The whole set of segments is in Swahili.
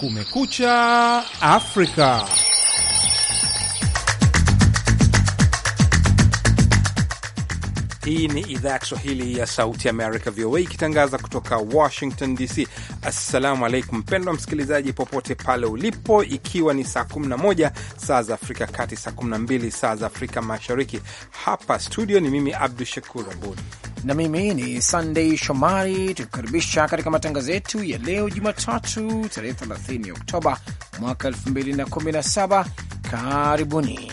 Kumekucha Afrika. Hii ni idhaa ya Kiswahili ya Sauti Amerika, VOA, ikitangaza kutoka Washington DC. Assalamu alaikum, mpendwa msikilizaji, popote pale ulipo, ikiwa ni saa 11 saa za Afrika Kati, saa 12 saa za Afrika Mashariki. Hapa studio ni mimi Abdu Shakur Abud na mimi ni Sunday Shomari, tukikaribisha katika matangazo yetu ya leo Jumatatu tarehe 30 Oktoba mwaka 2017. Karibuni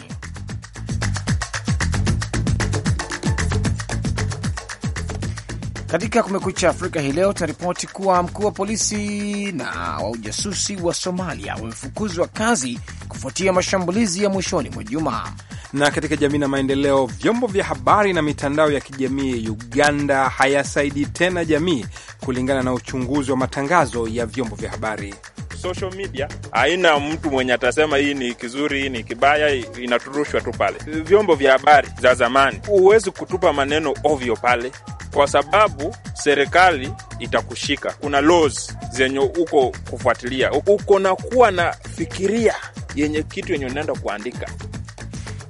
katika Kumekucha Afrika hii leo. Tunaripoti kuwa mkuu wa polisi na wa ujasusi wa Somalia wamefukuzwa kazi kufuatia mashambulizi ya mwishoni mwa juma. Na katika jamii na maendeleo, vyombo vya habari na mitandao ya kijamii Uganda hayasaidii tena jamii, kulingana na uchunguzi wa matangazo ya vyombo vya habari. Social media haina mtu mwenye atasema hii ni kizuri, hii ni kibaya, inaturushwa tu pale. Vyombo vya habari za zamani huwezi kutupa maneno ovyo pale, kwa sababu serikali itakushika. Kuna laws zenye uko kufuatilia, uko na kuwa na fikiria yenye kitu yenye unaenda kuandika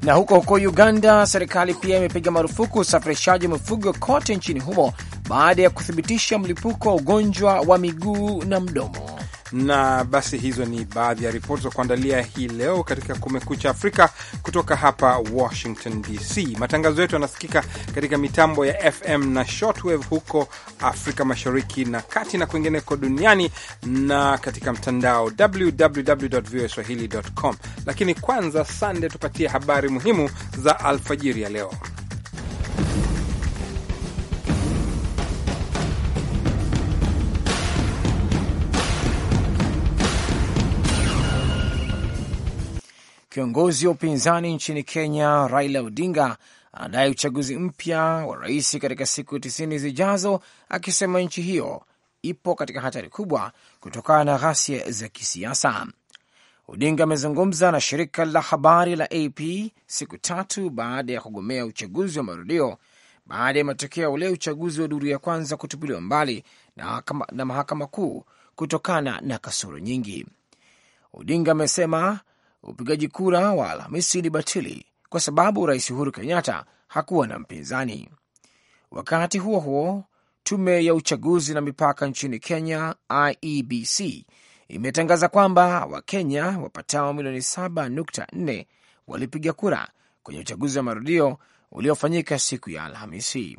na huko huko Uganda, serikali pia imepiga marufuku usafirishaji mifugo kote nchini humo baada ya kuthibitisha mlipuko wa ugonjwa wa miguu na mdomo. Na basi hizo ni baadhi ya ripoti za kuandalia hii leo katika Kumekucha Afrika kutoka hapa Washington DC. Matangazo yetu yanasikika katika mitambo ya FM na shortwave huko Afrika Mashariki na kati na kwingineko duniani na katika mtandao www.voaswahili.com. Lakini kwanza, Sande, tupatie habari muhimu za alfajiri ya leo. Kiongozi wa upinzani nchini Kenya Raila Odinga anadai uchaguzi mpya wa rais katika siku tisini zijazo, akisema nchi hiyo ipo katika hatari kubwa kutokana na ghasia za kisiasa. Odinga amezungumza na shirika la habari la AP siku tatu baada ya kugomea uchaguzi wa marudio baada ya matokeo ya ule uchaguzi wa duru ya kwanza kutupiliwa mbali na, na mahakama kuu kutokana na kasoro nyingi. Odinga amesema upigaji kura wa Alhamisi ni batili kwa sababu rais Uhuru Kenyatta hakuwa na mpinzani. Wakati huo huo, tume ya uchaguzi na mipaka nchini Kenya, IEBC, imetangaza kwamba Wakenya wapatao milioni 7.4 walipiga kura kwenye uchaguzi wa marudio uliofanyika siku ya Alhamisi.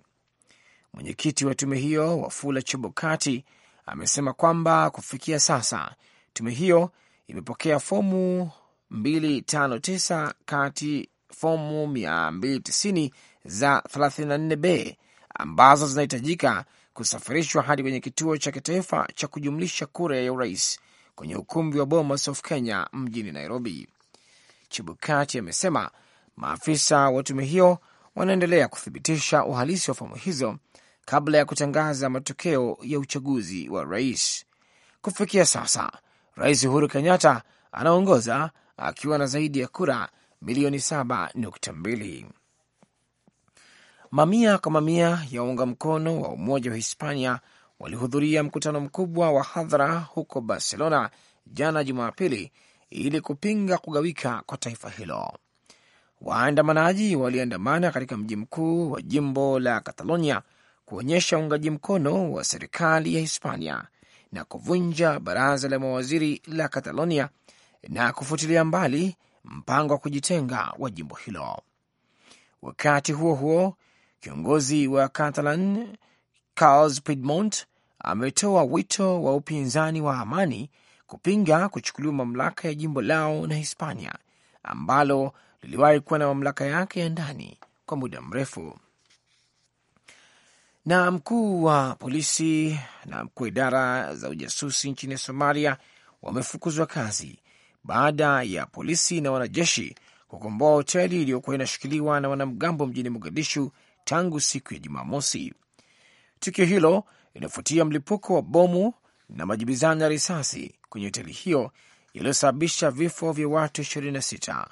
Mwenyekiti wa tume hiyo Wafula Chebukati amesema kwamba kufikia sasa tume hiyo imepokea fomu 259 kati fomu 290 za 34B ambazo zinahitajika kusafirishwa hadi kwenye kituo cha kitaifa cha kujumlisha kura ya urais kwenye ukumbi wa Bomas of Kenya mjini Nairobi. chibukati amesema maafisa wa tume hiyo wanaendelea kuthibitisha uhalisi wa fomu hizo kabla ya kutangaza matokeo ya uchaguzi wa rais. Kufikia sasa, Rais Uhuru Kenyatta anaongoza akiwa na zaidi ya kura milioni 7.2. Mamia kwa mamia ya waunga mkono wa umoja wa Hispania walihudhuria mkutano mkubwa wa hadhara huko Barcelona jana Jumapili ili kupinga kugawika kwa taifa hilo. Waandamanaji waliandamana katika mji mkuu wa jimbo la Catalonia kuonyesha uungaji mkono wa serikali ya Hispania na kuvunja baraza la mawaziri la Catalonia na kufutilia mbali mpango wa kujitenga wa jimbo hilo. Wakati huo huo, kiongozi wa Catalan Carles Puigdemont ametoa wito wa upinzani wa amani kupinga kuchukuliwa mamlaka ya jimbo lao na Hispania ambalo liliwahi kuwa na mamlaka yake ya ndani kwa muda mrefu. Na mkuu wa polisi na mkuu wa idara za ujasusi nchini Somalia wamefukuzwa kazi baada ya polisi na wanajeshi kukomboa hoteli iliyokuwa inashikiliwa na wanamgambo mjini Mogadishu tangu siku ya Jumamosi. Tukio hilo linafuatia mlipuko wa bomu na majibizano ya risasi kwenye hoteli hiyo yaliyosababisha vifo vya watu 26.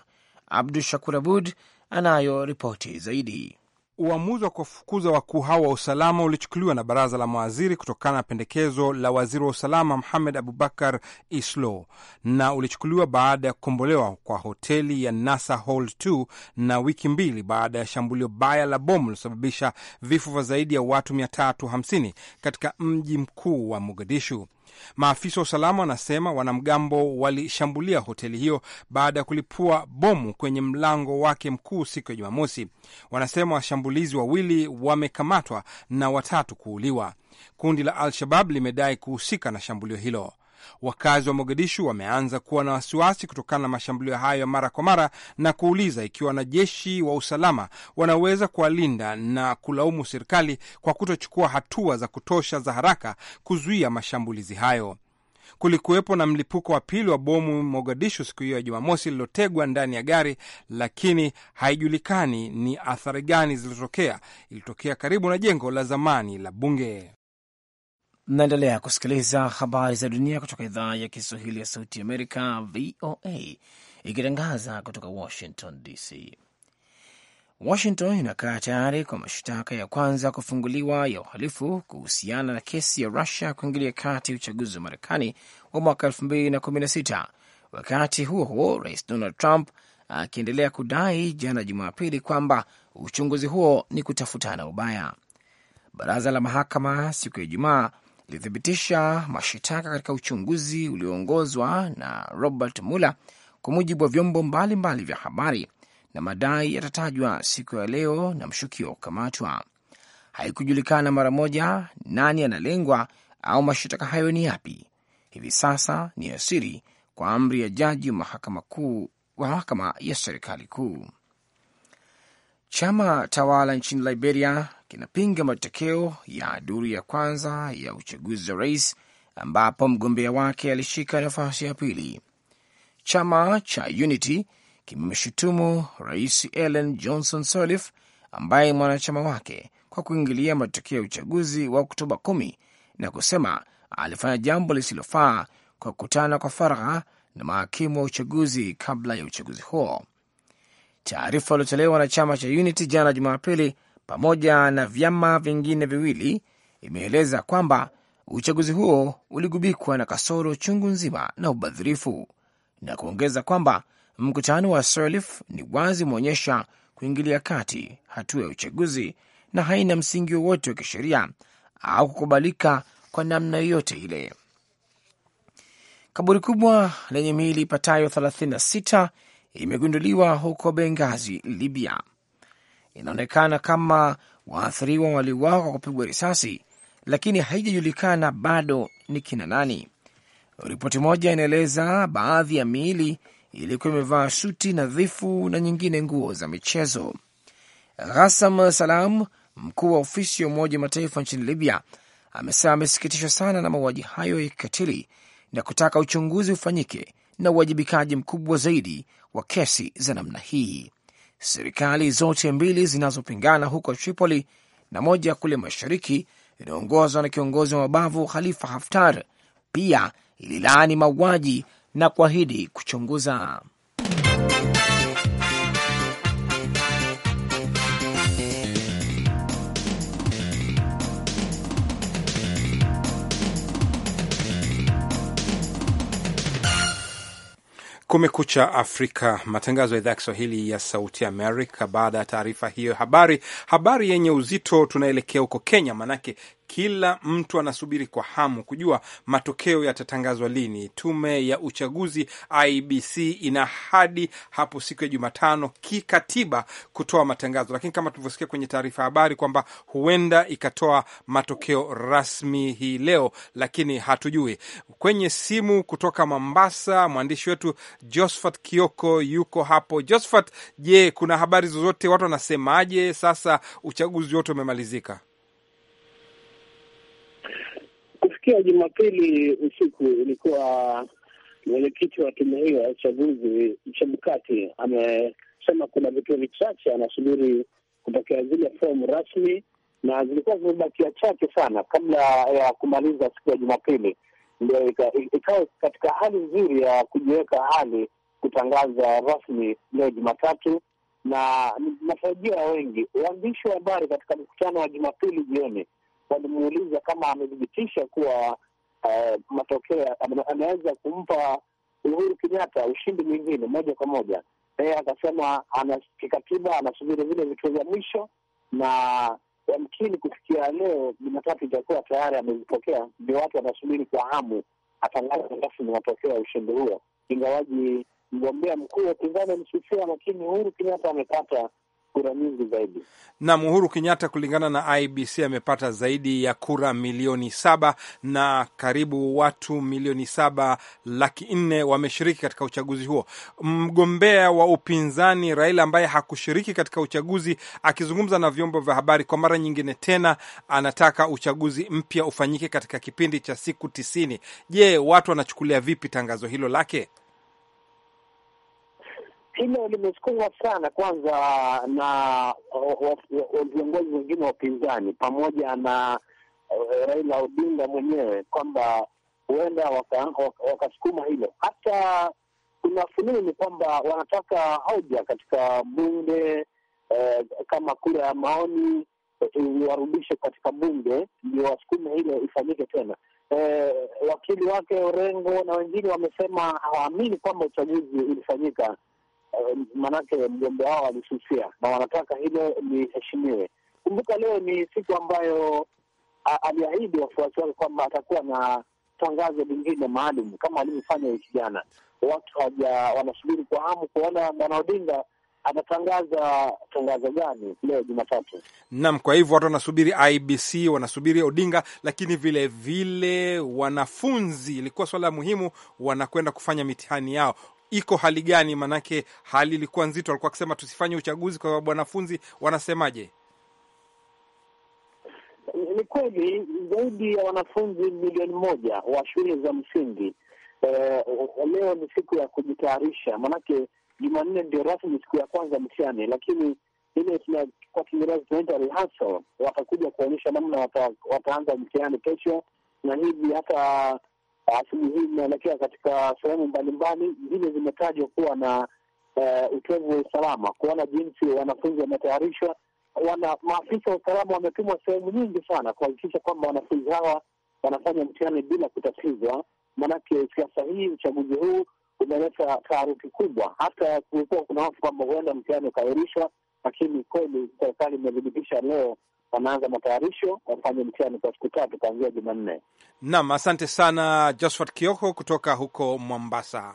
Abdu Shakur Abud anayo ripoti zaidi. Uamuzi wa kuwafukuza wakuu hao wa usalama ulichukuliwa na baraza la mawaziri kutokana na pendekezo la waziri wa usalama muhamed Abubakar Islo na ulichukuliwa baada ya kukombolewa kwa hoteli ya Nasa Hall 2 na wiki mbili baada ya shambulio baya la bomu lilosababisha vifo vya zaidi ya watu 350 katika mji mkuu wa Mogadishu. Maafisa wa usalama wanasema wanamgambo walishambulia hoteli hiyo baada ya kulipua bomu kwenye mlango wake mkuu siku ya Jumamosi. Wanasema washambulizi wawili wamekamatwa na watatu kuuliwa. Kundi la Al-Shabab limedai kuhusika na shambulio hilo. Wakazi wa Mogadishu wameanza kuwa na wasiwasi kutokana na mashambulio hayo ya mara kwa mara na kuuliza ikiwa wanajeshi wa usalama wanaweza kuwalinda na kulaumu serikali kwa kutochukua hatua za kutosha za haraka kuzuia mashambulizi hayo. Kulikuwepo na mlipuko wa pili wa bomu Mogadishu siku hiyo ya Jumamosi lililotegwa ndani ya gari, lakini haijulikani ni athari gani zilizotokea. Ilitokea karibu na jengo la zamani la bunge naendelea kusikiliza habari za dunia kutoka idhaa ya Kiswahili ya Sauti Amerika, VOA, ikitangaza kutoka Washington DC. Washington inakaa tayari kwa mashtaka ya kwanza kufunguliwa ya uhalifu kuhusiana na kesi ya Rusia kuingilia kati uchaguzi wa Marekani wa mwaka sita. Wakati huo huo, Rais Donald Trump akiendelea kudai jana Jumapili kwamba uchunguzi huo ni kutafutana ubaya. Baraza la mahakama siku ya Ijumaa ilithibitisha mashitaka katika uchunguzi ulioongozwa na Robert Mueller kwa mujibu wa vyombo mbalimbali mbali vya habari, na madai yatatajwa siku ya leo na mshukiwa kukamatwa. Haikujulikana mara moja nani analengwa au mashitaka hayo ni yapi. Hivi sasa ni asiri kwa amri ya jaji wa mahakama kuu wa mahakama ya serikali kuu. Chama tawala nchini Liberia kinapinga matokeo ya duru ya kwanza ya uchaguzi wa rais ambapo mgombea wake alishika nafasi ya pili. Chama cha Unity kimemshutumu Rais Ellen Johnson Sirleaf ambaye mwanachama wake kwa kuingilia matokeo ya uchaguzi wa Oktoba 1 na kusema alifanya jambo lisilofaa kwa kukutana kwa faragha na mahakimu wa uchaguzi kabla ya uchaguzi huo. Taarifa iliyotolewa na chama cha Unity jana Jumapili pamoja na vyama vingine viwili, imeeleza kwamba uchaguzi huo uligubikwa na kasoro chungu nzima na ubadhirifu, na kuongeza kwamba mkutano wa Sirleaf ni wazi umeonyesha kuingilia kati hatua ya uchaguzi na haina msingi wowote wa kisheria au kukubalika kwa namna yoyote ile. Kaburi kubwa lenye miili ipatayo 36 imegunduliwa huko Bengazi, Libya inaonekana kama waathiriwa waliuawa kwa kupigwa risasi, lakini haijajulikana bado ni kina nani. Ripoti moja inaeleza baadhi ya miili ilikuwa imevaa suti nadhifu na nyingine nguo za michezo. Ghasam Salam, mkuu wa ofisi ya Umoja Mataifa nchini Libya, amesema amesikitishwa sana na mauaji hayo ya kikatili na kutaka uchunguzi ufanyike na uwajibikaji mkubwa zaidi wa kesi za namna hii serikali zote mbili zinazopingana huko Tripoli na moja kule mashariki inayoongozwa na kiongozi wa mabavu Khalifa Haftar pia ililaani mauaji na kuahidi kuchunguza. Kumekucha Afrika, matangazo ya idhaa ya Kiswahili ya Sauti Amerika. Baada ya taarifa hiyo habari, habari yenye uzito, tunaelekea huko Kenya, maanake kila mtu anasubiri kwa hamu kujua matokeo yatatangazwa lini. Tume ya uchaguzi IBC ina hadi hapo siku ya Jumatano kikatiba kutoa matangazo, lakini kama tulivyosikia kwenye taarifa ya habari kwamba huenda ikatoa matokeo rasmi hii leo, lakini hatujui. Kwenye simu kutoka Mombasa, mwandishi wetu Josphat Kioko yuko hapo. Josphat, je, kuna habari zozote? Watu wanasemaje sasa uchaguzi wote umemalizika? Kufikia Jumapili usiku ilikuwa mwenyekiti wa tume hiyo ya uchaguzi Chebukati amesema kuna vituo vichache anasubiri kupokea zile fomu rasmi, na zilikuwa zimebakia chache sana kabla ya kumaliza siku ya Jumapili, ndio ikawa katika hali nzuri ya kujiweka hali kutangaza rasmi leo Jumatatu, na matarajio ya wengi waandishi wa habari katika mkutano wa Jumapili jioni walimuuliza kama amethibitisha kuwa uh, matokeo anaweza kumpa Uhuru Kenyatta ushindi mwingine moja kwa moja. Yeye akasema ana kikatiba, anasubiri vile vituo vya mwisho, na yamkini kufikia leo Jumatatu itakuwa tayari amezipokea. Ndio watu wanasubiri kwa hamu atangaze rasmi matokeo ya ushindi huo, ingawaji mgombea mkuu wa upinzani Msusia, lakini Uhuru Kenyatta amepata kura nyingi zaidi. Na Uhuru Kenyatta kulingana na IBC amepata zaidi ya kura milioni saba na karibu watu milioni saba laki nne wameshiriki katika uchaguzi huo. Mgombea wa upinzani Raila ambaye hakushiriki katika uchaguzi, akizungumza na vyombo vya habari kwa mara nyingine tena, anataka uchaguzi mpya ufanyike katika kipindi cha siku tisini. Je, watu wanachukulia vipi tangazo hilo lake? hilo limesukumwa sana kwanza na viongozi wengine wa upinzani pamoja na uh, Raila Odinga mwenyewe kwamba huenda wakasukuma waka hilo. Hata kuna fununu ni kwamba wanataka hoja katika bunge eh, kama kura ya maoni eh, iwarudishwe katika bunge ndio wasukume hilo ifanyike tena. Eh, wakili wake Orengo na wengine wamesema hawaamini kwamba uchaguzi ulifanyika Eh, maanake mgombea wao alisusia na wanataka hilo liheshimiwe. Kumbuka leo ni siku ambayo aliahidi wafuasi wake kwamba atakuwa na tangazo lingine maalum kama alivyofanya wiki jana. Watu haja wanasubiri kwa hamu kuona Bwana Odinga anatangaza tangazo gani leo Jumatatu. Naam, kwa hivyo watu wanasubiri IBC, wanasubiri Odinga, lakini vile vile wanafunzi, ilikuwa swala muhimu, wanakwenda kufanya mitihani yao iko hali gani? Maanake hali ilikuwa nzito, alikuwa akisema tusifanye uchaguzi kwa sababu wanafunzi wanasemaje? Ni kweli zaidi ya wanafunzi milioni moja wa shule za msingi eh, leo ni siku ya kujitayarisha, maanake Jumanne ndio rasmi siku ya kwanza mtihani, lakini ile kwa Kiingereza tunaita rehearsal, watakuja kuonyesha namna wataanza mtihani kesho, na hivi hata asubu hii imeelekea katika sehemu mbalimbali, zingine zimetajwa kuwa na uh, utovu wa usalama, kuona jinsi wanafunzi wametayarishwa. Wana maafisa wa usalama wametumwa sehemu nyingi sana kuhakikisha kwamba wanafunzi hawa wanafanya mtihani bila kutatizwa, maanake siasa hii, uchaguzi huu umeleta taharuki kubwa. Hata kulikuwa kuna hofu kwamba huenda mtihani ukaahirishwa, lakini kweli serikali imethibitisha leo wanaanza matayarisho wafanye mtihani kwa siku tatu kuanzia Jumanne. Naam, asante sana Josphat Kioko kutoka huko Mombasa.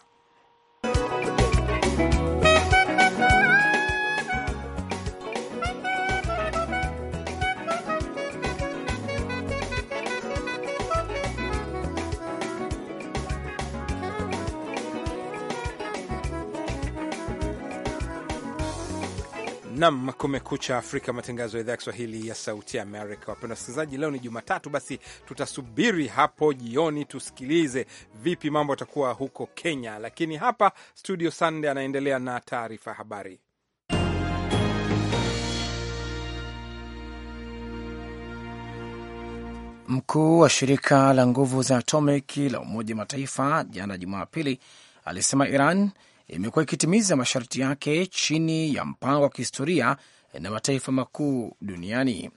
Nam Kumekucha Afrika, matangazo ya idhaa ya Kiswahili ya Sauti ya Amerika. Wapenda wasikilizaji, leo ni Jumatatu, basi tutasubiri hapo jioni tusikilize vipi mambo yatakuwa huko Kenya, lakini hapa studio Sande anaendelea na taarifa ya habari. Mkuu wa shirika la nguvu za atomic la Umoja wa Mataifa jana Jumapili alisema Iran imekuwa ikitimiza masharti yake chini ya mpango wa kihistoria na mataifa makuu duniani.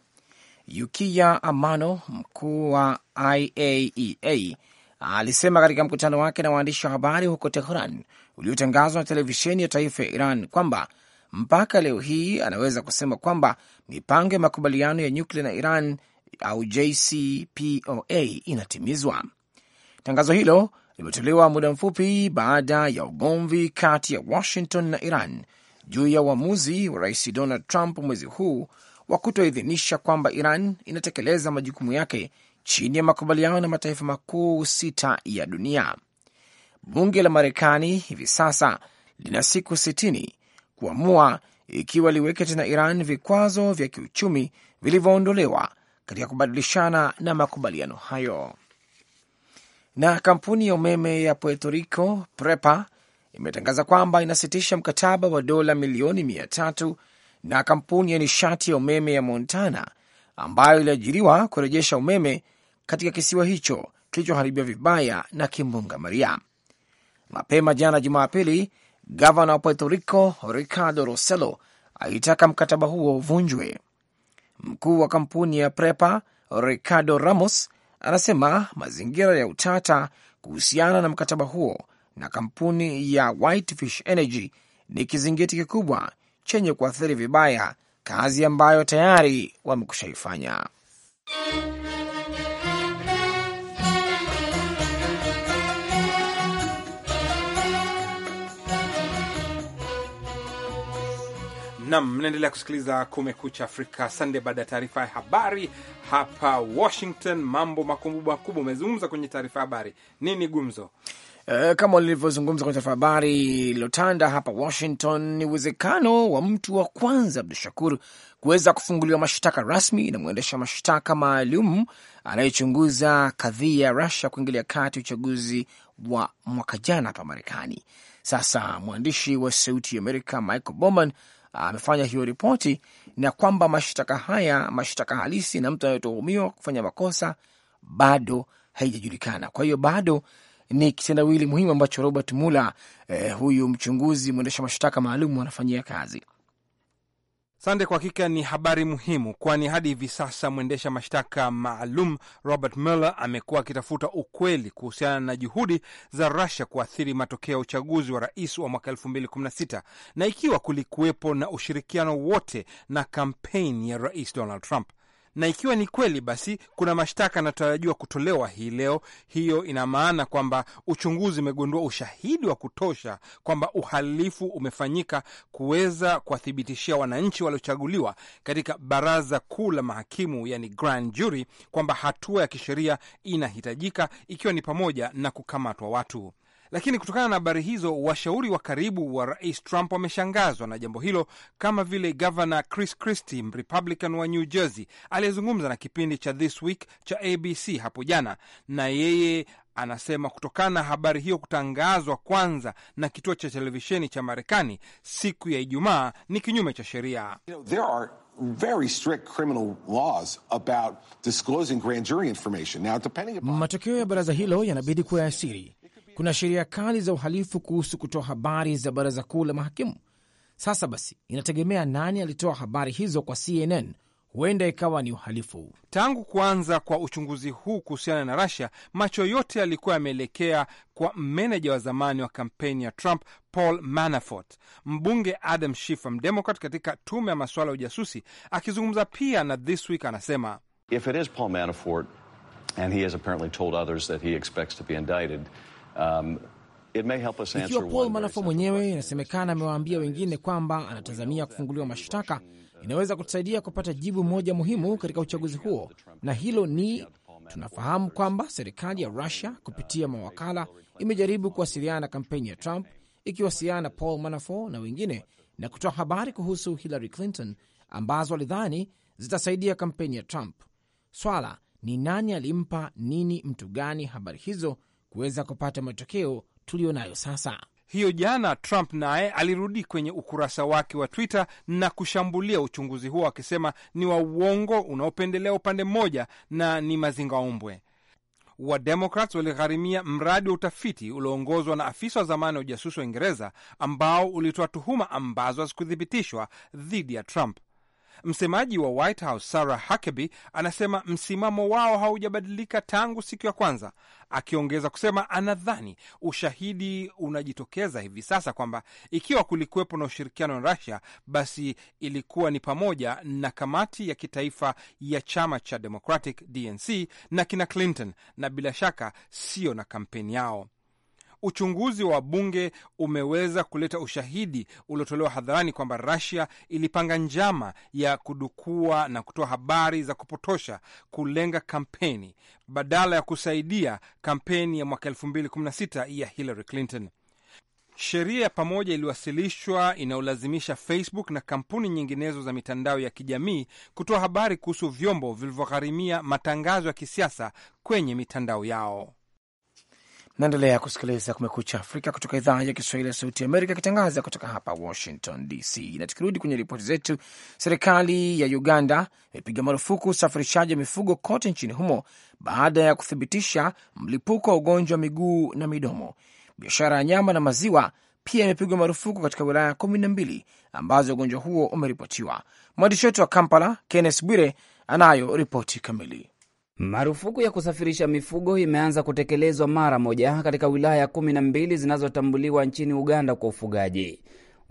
Yukiya Amano, mkuu wa IAEA, e alisema katika mkutano wake na waandishi wa habari huko Tehran uliotangazwa na televisheni ya taifa ya Iran kwamba mpaka leo hii anaweza kusema kwamba mipango ya makubaliano ya nyuklia na Iran au JCPOA inatimizwa. Tangazo hilo limetolewa muda mfupi baada ya ugomvi kati ya Washington na Iran juu ya uamuzi wa rais Donald Trump mwezi huu wa kutoidhinisha kwamba Iran inatekeleza majukumu yake chini ya makubaliano na mataifa makuu sita ya dunia. Bunge la Marekani hivi sasa lina siku sitini kuamua ikiwa liweke tena Iran vikwazo vya kiuchumi vilivyoondolewa katika kubadilishana na makubaliano hayo. Na kampuni ya umeme ya Puerto Rico PREPA imetangaza kwamba inasitisha mkataba wa dola milioni mia tatu na kampuni ya nishati ya umeme ya Montana ambayo iliajiriwa kurejesha umeme katika kisiwa hicho kilichoharibiwa vibaya na kimbunga Maria. Mapema jana Jumapili, gavana wa Puerto Rico Ricardo Rossello alitaka mkataba huo uvunjwe. Mkuu wa kampuni ya PREPA Ricardo Ramos anasema mazingira ya utata kuhusiana na mkataba huo na kampuni ya Whitefish Energy ni kizingiti kikubwa chenye kuathiri vibaya kazi ambayo tayari wamekushaifanya. Nam, mnaendelea kusikiliza Kumekucha Afrika Sande, baada ya taarifa ya habari hapa Washington. Mambo makubwa makubwa umezungumza kwenye taarifa ya habari, nini gumzo? Uh, kama lilivyozungumza kwenye taarifa ya habari iliyotanda hapa Washington ni uwezekano wa mtu wa kwanza Abdu Shakur kuweza kufunguliwa mashtaka rasmi na mwendesha mashtaka maalum anayechunguza kadhia ya Rusia kuingilia kati uchaguzi wa mwaka jana hapa Marekani. Sasa mwandishi wa Sauti ya Amerika Michael Bowman amefanya hiyo ripoti na kwamba mashtaka haya, mashtaka halisi na mtu anayetuhumiwa kufanya makosa bado haijajulikana. Kwa hiyo bado ni kitendawili muhimu ambacho Robert Mueller eh, huyu mchunguzi mwendesha mashtaka maalum wanafanyia kazi. Sande, kwa hakika ni habari muhimu, kwani hadi hivi sasa mwendesha mashtaka maalum Robert Mueller amekuwa akitafuta ukweli kuhusiana na juhudi za Russia kuathiri matokeo ya uchaguzi wa rais wa mwaka 2016 na ikiwa kulikuwepo na ushirikiano wote na kampeni ya Rais Donald Trump na ikiwa ni kweli, basi kuna mashtaka yanatarajiwa kutolewa hii leo. Hiyo ina maana kwamba uchunguzi umegundua ushahidi wa kutosha kwamba uhalifu umefanyika kuweza kuwathibitishia wananchi waliochaguliwa katika baraza kuu la mahakimu, yani grand jury, kwamba hatua ya kisheria inahitajika, ikiwa ni pamoja na kukamatwa watu. Lakini kutokana na habari hizo, washauri wa karibu wa rais Trump wameshangazwa na jambo hilo, kama vile gavana Chris Christie, Mrepublican wa New Jersey, aliyezungumza na kipindi cha This Week cha ABC hapo jana, na yeye anasema kutokana na habari hiyo kutangazwa kwanza na kituo cha televisheni cha Marekani siku ya Ijumaa ni kinyume cha sheria. You know, matokeo ya baraza hilo yanabidi kuwa ya siri kuna sheria kali za uhalifu kuhusu kutoa habari za baraza kuu la mahakimu. Sasa basi, inategemea nani alitoa habari hizo kwa CNN huenda ikawa ni uhalifu. Tangu kuanza kwa uchunguzi huu kuhusiana na Russia, macho yote yalikuwa yameelekea kwa meneja wa zamani wa kampeni ya Trump, Paul Manafort. Mbunge Adam Schiff, mdemokrat katika tume ya masuala ya ujasusi, akizungumza pia na This Week anasema If it is Paul Manafort and he has apparently told others that he expects to be indicted Um, ikiwa Paul Manafort mwenyewe inasemekana amewaambia wengine kwamba anatazamia kufunguliwa mashtaka, inaweza kutusaidia kupata jibu moja muhimu katika uchaguzi huo, na hilo ni tunafahamu kwamba serikali ya Rusia kupitia mawakala imejaribu kuwasiliana na kampeni ya Trump ikiwasiliana na Paul Manafort na wengine na kutoa habari kuhusu Hillary Clinton ambazo walidhani zitasaidia kampeni ya Trump. Swala ni nani alimpa nini mtu gani habari hizo kuweza kupata matokeo tuliyo nayo sasa. Hiyo jana Trump naye alirudi kwenye ukurasa wake wa Twitter na kushambulia uchunguzi huo akisema ni wa uongo unaopendelea upande mmoja na ni mazingaombwe. Wademokrats waligharimia mradi wa utafiti ulioongozwa na afisa wa zamani wa ujasusi wa Uingereza ambao ulitoa tuhuma ambazo hazikuthibitishwa dhidi ya Trump. Msemaji wa White House Sarah Huckabee anasema msimamo wao haujabadilika tangu siku ya kwanza, akiongeza kusema anadhani ushahidi unajitokeza hivi sasa kwamba ikiwa kulikuwepo na ushirikiano na Russia, basi ilikuwa ni pamoja na kamati ya kitaifa ya chama cha Democratic DNC na kina Clinton, na bila shaka sio na kampeni yao. Uchunguzi wa bunge umeweza kuleta ushahidi uliotolewa hadharani kwamba Russia ilipanga njama ya kudukua na kutoa habari za kupotosha kulenga kampeni badala ya kusaidia kampeni ya mwaka 2016 ya Hillary Clinton. Sheria ya pamoja iliwasilishwa inayolazimisha Facebook na kampuni nyinginezo za mitandao ya kijamii kutoa habari kuhusu vyombo vilivyogharimia matangazo ya kisiasa kwenye mitandao yao. Naendelea kusikiliza Kumekucha Afrika kutoka idhaa ya Kiswahili ya Sauti Amerika ikitangaza kutoka hapa Washington DC. Na tukirudi kwenye ripoti zetu, serikali ya Uganda imepiga marufuku usafirishaji wa mifugo kote nchini humo baada ya kuthibitisha mlipuko wa ugonjwa wa miguu na midomo. Biashara ya nyama na maziwa pia imepigwa marufuku katika wilaya kumi na mbili ambazo ugonjwa huo umeripotiwa. Mwandishi wetu wa Kampala, Kenneth Bwire, anayo ripoti kamili. Marufuku ya kusafirisha mifugo imeanza kutekelezwa mara moja katika wilaya kumi na mbili zinazotambuliwa nchini Uganda kwa ufugaji.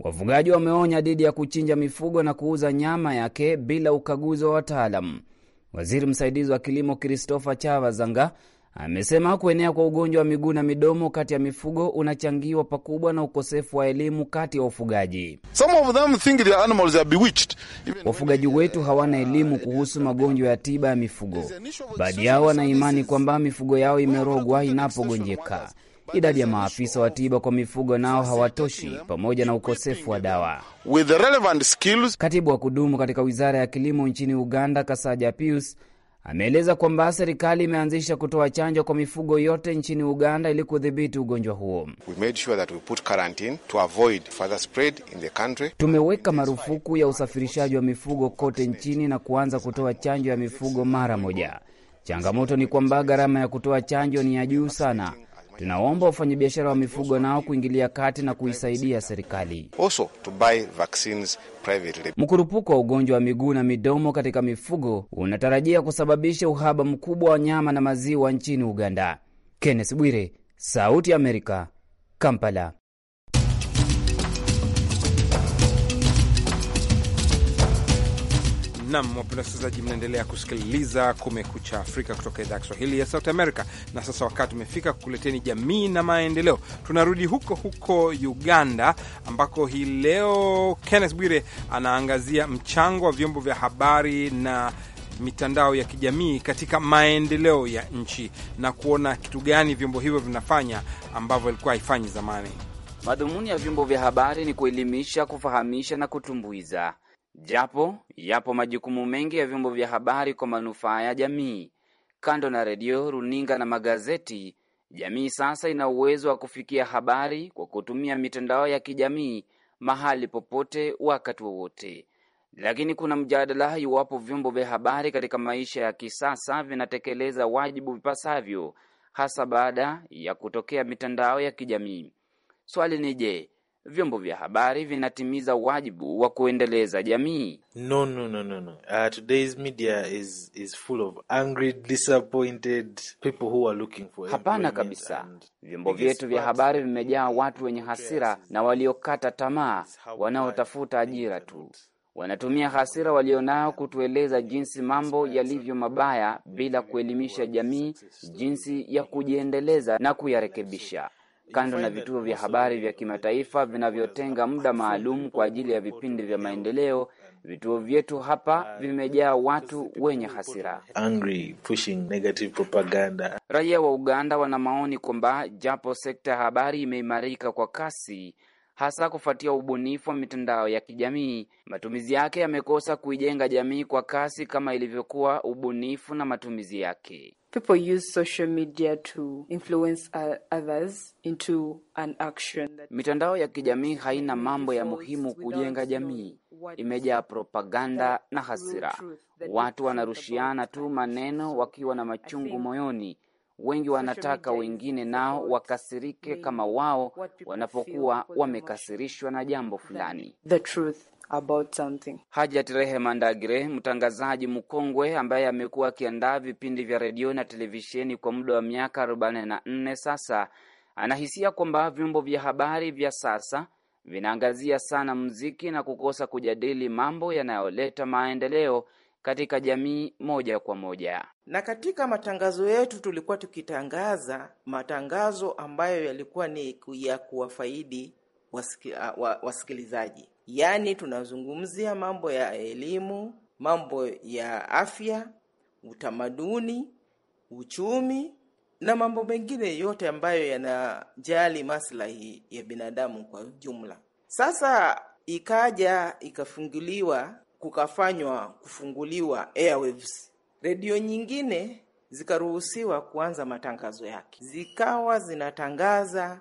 Wafugaji wameonya dhidi ya kuchinja mifugo na kuuza nyama yake bila ukaguzi wa wataalam. Waziri msaidizi wa kilimo Christopher Chavazanga Amesema kuenea kwa ugonjwa wa miguu na midomo kati ya mifugo unachangiwa pakubwa na ukosefu wa elimu kati ya wafugaji. Wafugaji wetu hawana elimu kuhusu magonjwa ya tiba ya mifugo. Baadhi yao wana imani kwamba mifugo yao imerogwa inapogonjeka. Idadi ya maafisa wa tiba kwa mifugo nao hawatoshi, pamoja na ukosefu wa dawa. Katibu wa kudumu katika wizara ya kilimo nchini Uganda, Kasaja Pius ameeleza kwamba serikali imeanzisha kutoa chanjo kwa mifugo yote nchini Uganda ili kudhibiti ugonjwa huo. Sure, tumeweka marufuku ya usafirishaji wa mifugo kote nchini na kuanza kutoa chanjo ya mifugo mara moja. Changamoto ni kwamba gharama ya kutoa chanjo ni ya juu sana Tunaomba wafanyabiashara wa mifugo nao kuingilia kati na kuisaidia serikali. Mkurupuko wa ugonjwa wa miguu na midomo katika mifugo unatarajia kusababisha uhaba mkubwa wa nyama na maziwa nchini Uganda. Kenneth Bwire, Sauti ya Amerika, Kampala. Nam, wapenda wasikilizaji, mnaendelea kusikiliza Kumekucha Afrika kutoka idhaa ya Kiswahili ya Sauti Amerika. Na sasa wakati umefika kukuleteni Jamii na Maendeleo. Tunarudi huko huko Uganda, ambako hii leo Kenneth Bwire anaangazia mchango wa vyombo vya habari na mitandao ya kijamii katika maendeleo ya nchi na kuona kitu gani vyombo hivyo vinafanya ambavyo ilikuwa haifanyi zamani. Madhumuni ya vyombo vya habari ni kuelimisha, kufahamisha na kutumbuiza japo yapo majukumu mengi ya vyombo vya habari kwa manufaa ya jamii. Kando na redio, runinga na magazeti, jamii sasa ina uwezo wa kufikia habari kwa kutumia mitandao ya kijamii mahali popote, wakati wowote. Lakini kuna mjadala iwapo vyombo vya habari katika maisha ya kisasa vinatekeleza wajibu vipasavyo, hasa baada ya kutokea mitandao ya kijamii. Swali ni je, vyombo vya habari vinatimiza wajibu wa kuendeleza jamii. No, no, no, no, no. Uh, today's media is, is full of angry, disappointed people who are looking for. Hapana kabisa, vyombo vyetu vya habari vimejaa watu wenye hasira na waliokata tamaa, wanaotafuta ajira tu. Wanatumia hasira walionayo kutueleza jinsi mambo yalivyo mabaya bila kuelimisha jamii jinsi ya kujiendeleza na kuyarekebisha kando na vituo vya habari vya kimataifa vinavyotenga muda maalum kwa ajili ya vipindi vya maendeleo, vituo vyetu hapa vimejaa watu wenye hasira angry, pushing negative propaganda. Raia wa Uganda wana maoni kwamba japo sekta ya habari imeimarika kwa kasi hasa kufuatia ubunifu wa mitandao ya kijamii, matumizi yake yamekosa kuijenga jamii kwa kasi kama ilivyokuwa ubunifu na matumizi yake people use social media to influence others into an action that... Mitandao ya kijamii haina mambo ya muhimu kujenga jamii, imejaa propaganda na hasira. Watu wanarushiana tu maneno wakiwa na machungu moyoni. Wengi wanataka wengine nao wakasirike kama wao wanapokuwa wamekasirishwa na jambo fulani. The truth about something. Hajat Rehema Ndagre, mtangazaji mkongwe ambaye amekuwa akiandaa vipindi vya redio na televisheni kwa muda wa miaka 44 sasa, anahisia kwamba vyombo vya habari vya sasa vinaangazia sana mziki na kukosa kujadili mambo yanayoleta maendeleo katika jamii moja kwa moja. Na katika matangazo yetu tulikuwa tukitangaza matangazo ambayo yalikuwa ni ya kuwafaidi wasiki, wa, wasikilizaji. Yaani tunazungumzia mambo ya elimu, mambo ya afya, utamaduni, uchumi na mambo mengine yote ambayo yanajali maslahi ya binadamu kwa jumla. Sasa ikaja ikafunguliwa, kukafanywa kufunguliwa airwaves, redio nyingine zikaruhusiwa kuanza matangazo yake, zikawa zinatangaza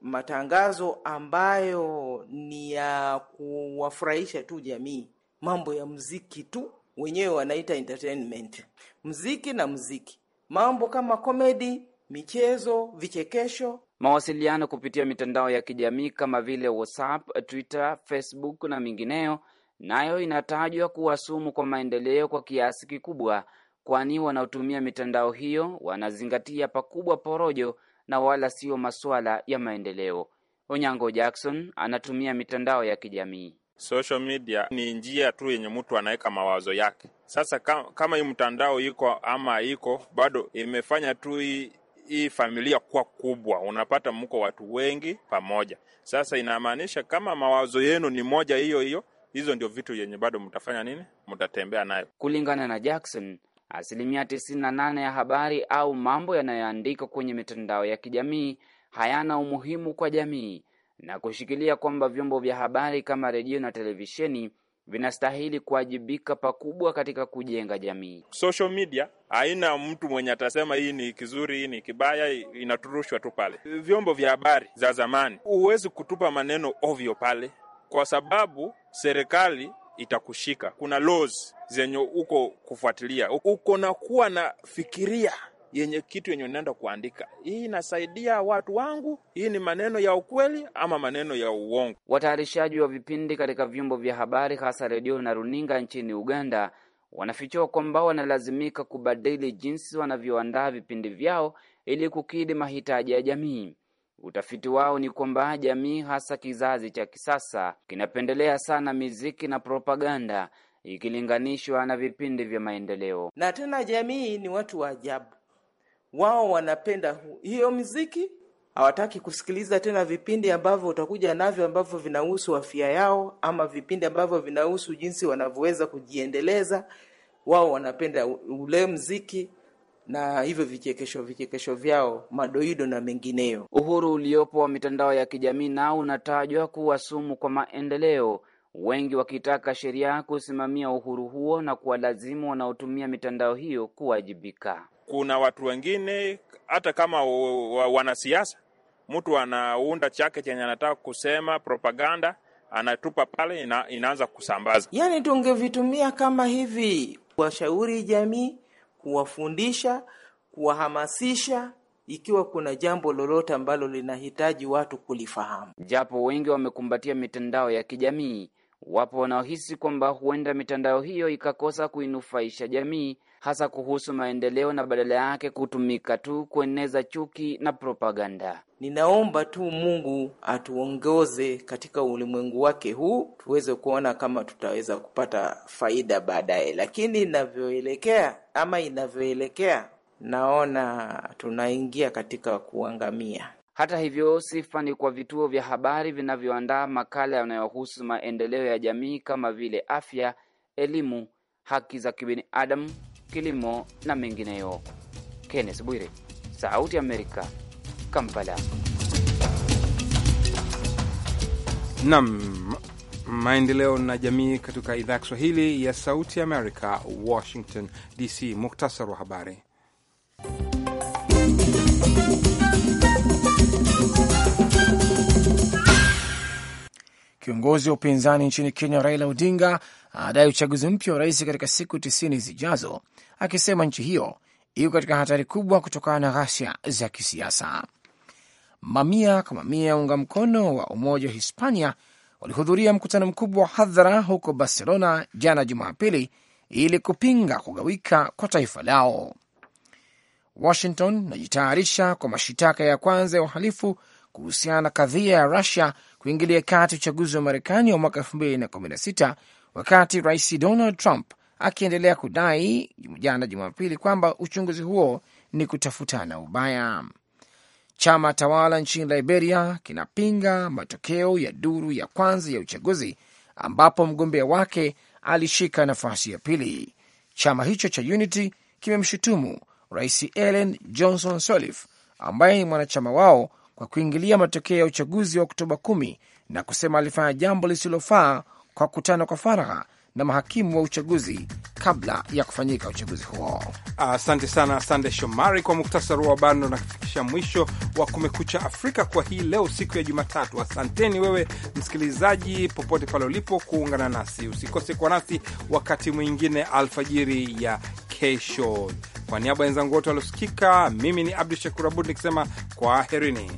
matangazo ambayo ni ya kuwafurahisha tu jamii, mambo ya mziki tu, wenyewe wanaita entertainment, mziki na mziki, mambo kama komedi, michezo, vichekesho mawasiliano kupitia mitandao ya kijamii kama vile WhatsApp, Twitter, Facebook na mingineyo, nayo inatajwa kuwa sumu kwa maendeleo kwa kiasi kikubwa, kwani wanaotumia mitandao hiyo wanazingatia pakubwa porojo na wala siyo masuala ya maendeleo. Onyango Jackson anatumia mitandao ya kijamii. Social media ni njia tu yenye mtu anaweka mawazo yake. Sasa kama hii mtandao iko ama iko bado, imefanya tu hii hii familia kuwa kubwa, unapata mko watu wengi pamoja. Sasa inamaanisha kama mawazo yenu ni moja hiyo hiyo, hizo ndio vitu yenye bado mtafanya nini, mtatembea nayo. Kulingana na Jackson, Asilimia 98 ya habari au mambo yanayoandikwa kwenye mitandao ya kijamii hayana umuhimu kwa jamii na kushikilia kwamba vyombo vya habari kama redio na televisheni vinastahili kuwajibika pakubwa katika kujenga jamii. Social media haina mtu mwenye atasema hii ni kizuri, hii ni kibaya, inaturushwa tu pale. Vyombo vya habari za zamani huwezi kutupa maneno ovyo pale, kwa sababu serikali itakushika. Kuna laws zenye uko kufuatilia, uko na kuwa na fikiria yenye kitu yenye unaenda kuandika, hii inasaidia watu wangu, hii ni maneno ya ukweli ama maneno ya uongo. Watayarishaji wa vipindi katika vyombo vya habari hasa redio na runinga nchini Uganda wanafichua kwamba wanalazimika kubadili jinsi wanavyoandaa vipindi vyao ili kukidhi mahitaji ya jamii. Utafiti wao ni kwamba jamii hasa kizazi cha kisasa kinapendelea sana miziki na propaganda ikilinganishwa na vipindi vya maendeleo. Na tena jamii ni watu wa ajabu, wao wanapenda hiyo miziki, hawataki kusikiliza tena vipindi ambavyo utakuja navyo ambavyo vinahusu afya yao ama vipindi ambavyo vinahusu jinsi wanavyoweza kujiendeleza. Wao wanapenda ule mziki na hivyo vichekesho vichekesho vyao madoido na mengineyo. Uhuru uliopo wa mitandao ya kijamii nao unatajwa kuwa sumu kwa maendeleo, wengi wakitaka sheria kusimamia uhuru huo na kuwalazimu wanaotumia mitandao hiyo kuwajibika. Kuna watu wengine hata kama wanasiasa, mtu anaunda chake chenye anataka kusema propaganda, anatupa pale, ina, inaanza kusambaza. Yani tungevitumia kama hivi, washauri jamii kuwafundisha, kuwahamasisha ikiwa kuna jambo lolote ambalo linahitaji watu kulifahamu. Japo wengi wamekumbatia mitandao ya kijamii, wapo wanaohisi kwamba huenda mitandao hiyo ikakosa kuinufaisha jamii hasa kuhusu maendeleo na badala yake kutumika tu kueneza chuki na propaganda. Ninaomba tu Mungu atuongoze katika ulimwengu wake huu, tuweze kuona kama tutaweza kupata faida baadaye, lakini inavyoelekea ama inavyoelekea, naona tunaingia katika kuangamia. Hata hivyo, sifa ni kwa vituo vya habari vinavyoandaa makala yanayohusu maendeleo ya jamii kama vile afya, elimu, haki za kibinadamu kilimo na mengineyo. Kenneth Bwire, Sauti Amerika, Kampala. Nam maendeleo na jamii katika idhaa ya Kiswahili ya Sauti america Amerika, Washington DC. Muktasar wa habari. Kiongozi wa upinzani nchini Kenya Raila Odinga anadai uchaguzi mpya wa rais katika siku tisini zijazo, akisema nchi hiyo iko katika hatari kubwa kutokana na ghasia za kisiasa. Mamia kwa mamia ya unga mkono wa umoja wa Hispania walihudhuria mkutano mkubwa wa hadhara huko Barcelona jana Jumapili ili kupinga kugawika kwa taifa lao. Washington inajitayarisha kwa mashitaka ya kwanza ya uhalifu kuhusiana na kadhia ya Rusia kuingilia kati uchaguzi wa Marekani wa mwaka 2016 wakati Rais Donald Trump akiendelea kudai jana Jumapili kwamba uchunguzi huo ni kutafutana ubaya. Chama tawala nchini Liberia kinapinga matokeo ya duru ya kwanza ya uchaguzi ambapo mgombea wake alishika nafasi ya pili. Chama hicho cha Unity kimemshutumu Rais Ellen Johnson Sirleaf ambaye ni mwanachama wao kwa kuingilia matokeo ya uchaguzi wa Oktoba kumi na kusema alifanya jambo lisilofaa kwa kukutana kwa faragha na mahakimu wa uchaguzi kabla ya kufanyika uchaguzi huo. Asante uh, sana Sande Shomari kwa muktasari wa bando na nakufikisha mwisho wa Kumekucha Afrika kwa hii leo, siku ya Jumatatu. Asanteni wewe msikilizaji, popote pale ulipo kuungana nasi. Usikose kwa nasi wakati mwingine alfajiri ya kesho. Kwa niaba ya wenzangu wote waliosikika, mimi ni Abdu Shakur Abud nikisema kwaherini.